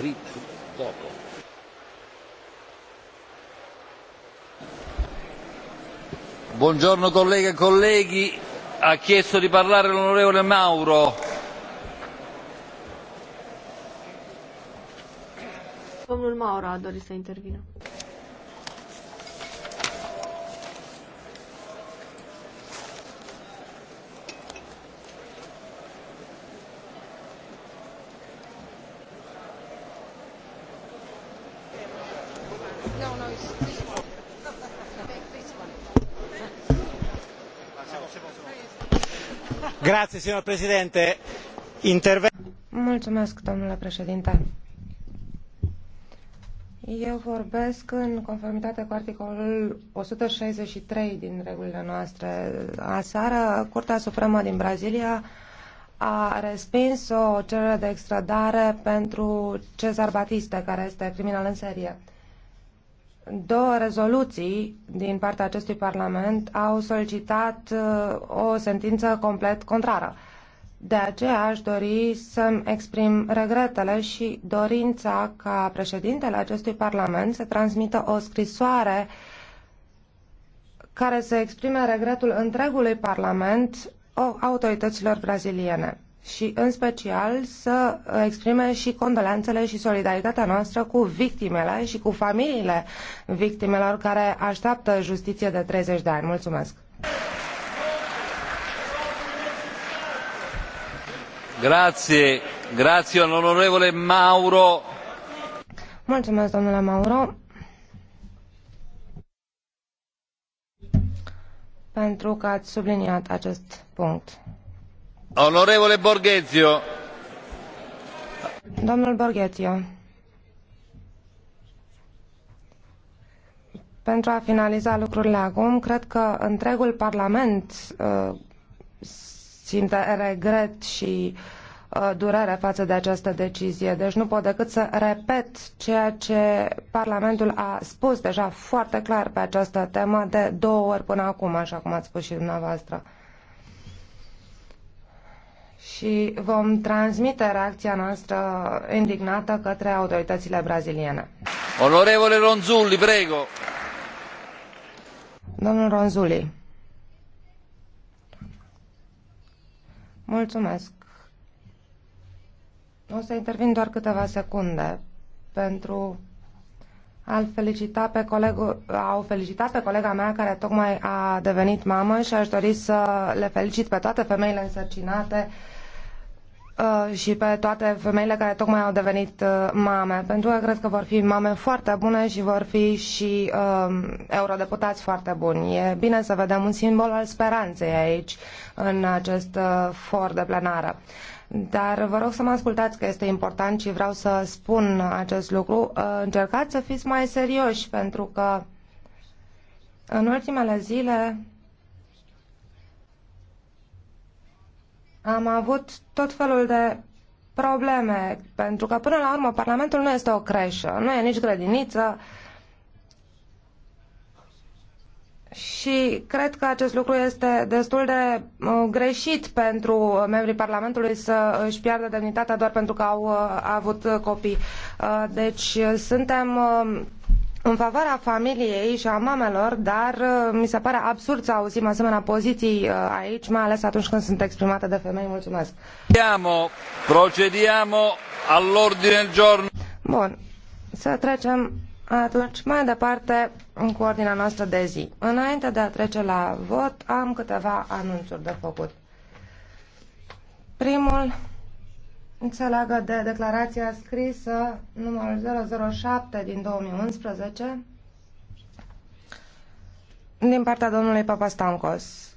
free dopo. Buongiorno colleghe e colleghi, ha chiesto di parlare l'onorevole Mauro. Domnul Mauro a dorit să intervină. Grazie, signor Presidente. Interven... Mulțumesc, domnule președinte. Eu vorbesc în conformitate cu articolul 163 din regulile noastre. Aseară, Curtea Supremă din Brazilia a respins o cerere de extradare pentru Cezar Batiste, care este criminal în serie două rezoluții din partea acestui Parlament au solicitat uh, o sentință complet contrară. De aceea aș dori să-mi exprim regretele și dorința ca președintele acestui Parlament să transmită o scrisoare care să exprime regretul întregului Parlament autorităților braziliene și în special să exprime și condolențele și solidaritatea noastră cu victimele și cu familiile victimelor care așteaptă justiție de 30 de ani. Mulțumesc! Grazie, grazie onorevole Mauro. Mulțumesc, domnule Mauro. pentru că ați subliniat acest punct. Onorevole Borghezio. Domnul Borghezio. Pentru a finaliza lucrurile acum, cred că întregul Parlament uh, simte regret și uh, durere față de această decizie. Deci nu pot decât să repet ceea ce Parlamentul a spus deja foarte clar pe această temă de două ori până acum, așa cum ați spus și dumneavoastră și vom transmite reacția noastră indignată către autoritățile braziliene. Onorevole Ronzulli, prego. Domnul Ronzulli. Mulțumesc. O să intervin doar câteva secunde pentru al felicita pe colegul, au felicitat pe colega mea care tocmai a devenit mamă și aș dori să le felicit pe toate femeile însărcinate uh, și pe toate femeile care tocmai au devenit uh, mame, pentru că cred că vor fi mame foarte bune și vor fi și uh, eurodeputați foarte buni. E bine să vedem un simbol al speranței aici, în acest uh, for de plenară. Dar vă rog să mă ascultați că este important și vreau să spun acest lucru. Uh, încercați să fiți mai serioși, pentru că în ultimele zile am avut tot felul de probleme, pentru că până la urmă Parlamentul nu este o creșă, nu e nici grădiniță și cred că acest lucru este destul de uh, greșit pentru membrii Parlamentului să își piardă demnitatea doar pentru că au uh, avut copii. Uh, deci suntem uh, în favoarea familiei și a mamelor, dar uh, mi se pare absurd să auzim asemenea poziții uh, aici, mai ales atunci când sunt exprimate de femei. Mulțumesc. Procediamo, procediamo all'ordine del giorno. Bun, să trecem atunci mai departe în coordina noastră de zi. Înainte de a trece la vot, am câteva anunțuri de făcut. Primul se leagă de declarația scrisă numărul 007 din 2011 din partea domnului Papastamkos.